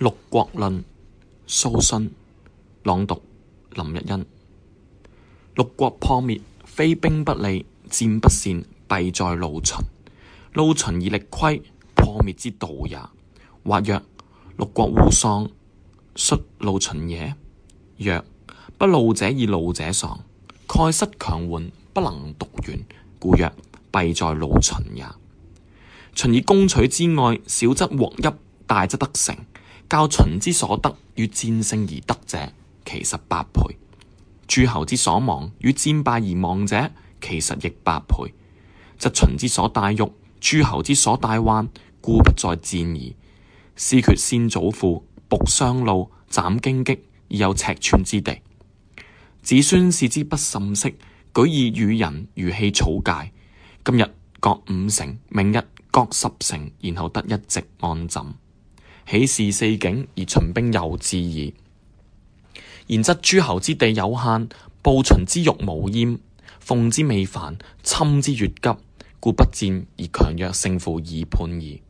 六國論，蘇洵朗讀，林日恩。六國破滅，非兵不利，戰不善，弊在賂秦。賂秦以力虧，破滅之道也。或曰：六國互喪，率賂秦也。曰：不賂者以賂者喪，蓋失強援，不能獨完，故曰弊在賂秦也。秦以攻取之外，小則獲邑，大則得城。較秦之所得與戰勝而得者，其實百倍；諸侯之所亡與戰敗而亡者，其實亦百倍，則秦之所大欲，諸侯之所大患，固不在戰矣。思厥先祖父，暴霜露，斬荊棘，以有尺寸之地。子孫視之不甚惜，舉以與人，如棄草芥。今日割五城，明日割十城，然後得一夕安枕。起事四境，而秦兵又至矣。然則諸侯之地有限，暴秦之欲無厭，奉之未凡，侵之愈急，故不戰而強弱勝負已判矣。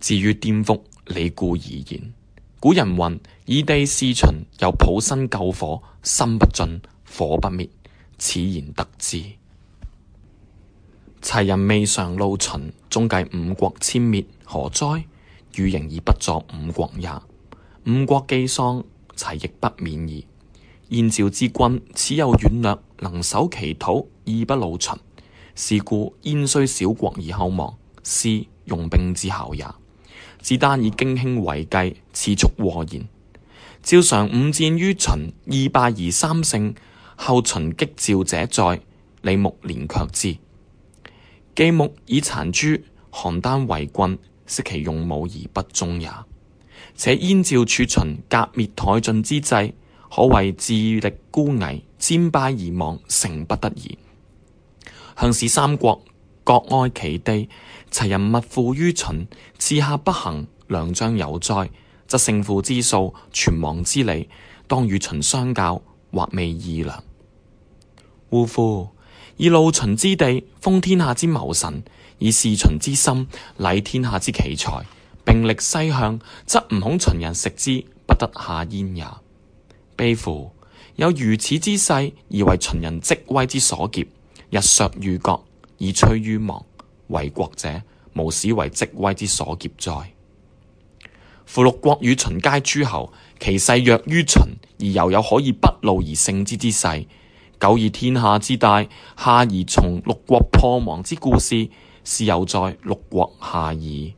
至於顛覆，理固而然。古人云：“以地事秦，猶抱薪救火，薪不盡，火不滅。”此言得之。齊人未嘗露秦，終繼五國遷滅，何哉？與嬴而不作五國也，五國既喪，齊亦不免矣。燕趙之君，始有遠略，能守其土，義不賂秦。是故燕雖小國而後亡，斯用兵之效也。自丹以荊卿為計，始速禍焉。趙嘗五戰於秦，二敗而三勝。後秦擊趙者再，在李牧連卻之。洎牧以讒誅，邯鄲為郡。惜其用武而不忠也。且燕趙處秦，革滅殆盡之際，可謂智力孤危，戰敗而亡，誠不得已。向使三國各愛其地，齊人勿附於秦，刺客不行，良將有災，則勝負之數，存亡之理，當與秦相較，或未易量。嗚呼，以賂秦之地，封天下之謀臣。以事秦之心，禮天下之奇才，併力西向，則吾恐秦人食之不得下咽也。悲乎！有如此之勢，而為秦人積威之所劫，日削月割，以趨於亡。為國者，無使為積威之所劫哉！夫六國與秦皆諸侯，其勢弱於秦，而猶有可以不賂而勝之之勢。久以天下之大，下而從六國破亡之故事。是又在六國下矣。